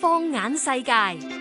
放眼世界。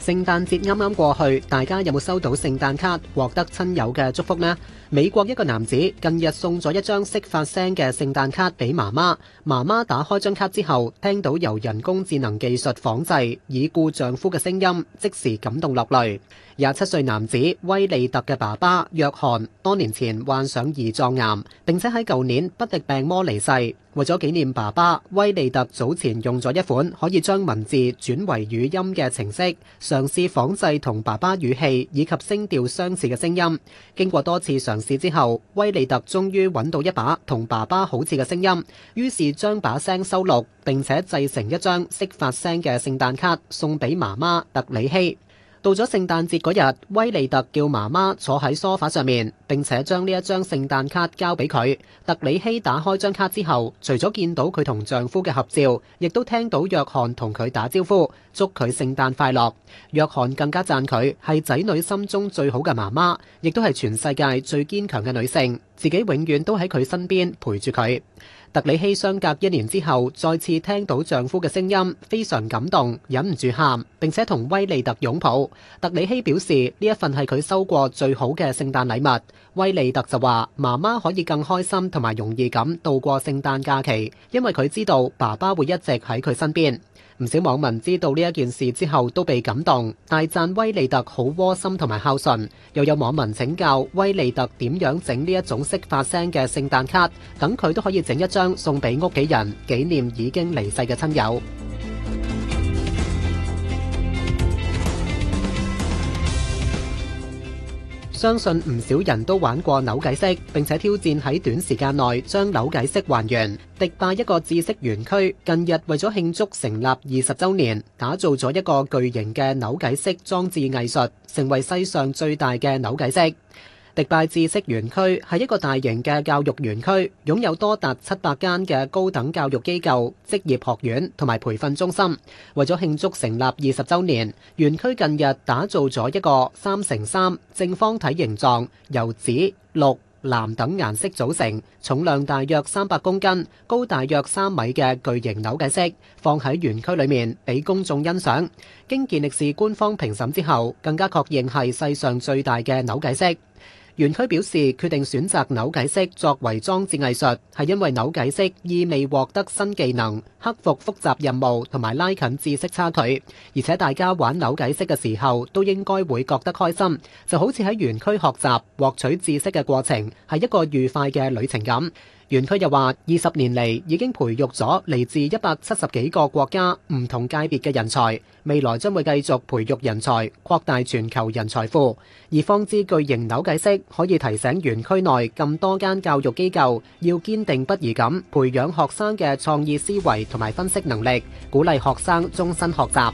聖誕節啱啱過去，大家有冇收到聖誕卡，獲得親友嘅祝福呢？美國一個男子近日送咗一張識發聲嘅聖誕卡俾媽媽，媽媽打開張卡之後，聽到由人工智能技術仿製已故丈夫嘅聲音，即時感動落淚。廿七歲男子威利特嘅爸爸約翰多年前患上胰臟癌，並且喺舊年不敵病魔離世。為咗紀念爸爸，威利特早前用咗一款可以將文字轉為語音嘅程式，嘗試仿製同爸爸語氣以及聲調相似嘅聲音。經過多次嘗試之後，威利特終於揾到一把同爸爸好似嘅聲音，於是將把聲收錄，並且製成一張識發聲嘅聖誕卡送俾媽媽特里希。到咗聖誕節嗰日，威利特叫媽媽坐喺梳化上面，並且將呢一張聖誕卡交俾佢。特里希打開張卡之後，除咗見到佢同丈夫嘅合照，亦都聽到約翰同佢打招呼，祝佢聖誕快樂。約翰更加讚佢係仔女心中最好嘅媽媽，亦都係全世界最堅強嘅女性，自己永遠都喺佢身邊陪住佢。特里希相隔一年之後，再次聽到丈夫嘅聲音，非常感動，忍唔住喊，並且同威利特擁抱。特里希表示，呢一份係佢收過最好嘅聖誕禮物。威利特就話：媽媽可以更開心同埋容易咁度過聖誕假期，因為佢知道爸爸會一直喺佢身邊。唔少網民知道呢一件事之後，都被感動，大讚威利特好窩心同埋孝順。又有網民請教威利特點樣整呢一種識發聲嘅聖誕卡，等佢都可以整一張送俾屋企人，紀念已經離世嘅親友。相信唔少人都玩過扭計骰，並且挑戰喺短時間內將扭計骰還原。迪拜一個知識園區，近日為咗慶祝成立二十周年，打造咗一個巨型嘅扭計骰裝置藝術，成為世上最大嘅扭計骰。迪拜知識園區係一個大型嘅教育園區，擁有多達七百間嘅高等教育機構、職業學院同埋培訓中心。為咗慶祝成立二十周年，園區近日打造咗一個三乘三正方體形狀，由紫、綠、藍等顏色組成，重量大約三百公斤、高大約三米嘅巨型扭計骰放喺園區裏面俾公眾欣賞。經健力士官方評審之後，更加確認係世上最大嘅扭計骰。園區表示，決定選擇扭計骰作為裝置藝術，係因為扭計骰意味獲得新技能、克服複雜任務同埋拉近知識差距，而且大家玩扭計骰嘅時候都應該會覺得開心，就好似喺園區學習獲取知識嘅過程係一個愉快嘅旅程咁。園區又話：二十年嚟已經培育咗嚟自一百七十幾個國家、唔同界別嘅人才，未來將會繼續培育人才，擴大全球人才庫。而方知巨型扭計骰，可以提醒園區內咁多間教育機構要堅定不移咁培養學生嘅創意思維同埋分析能力，鼓勵學生終身學習。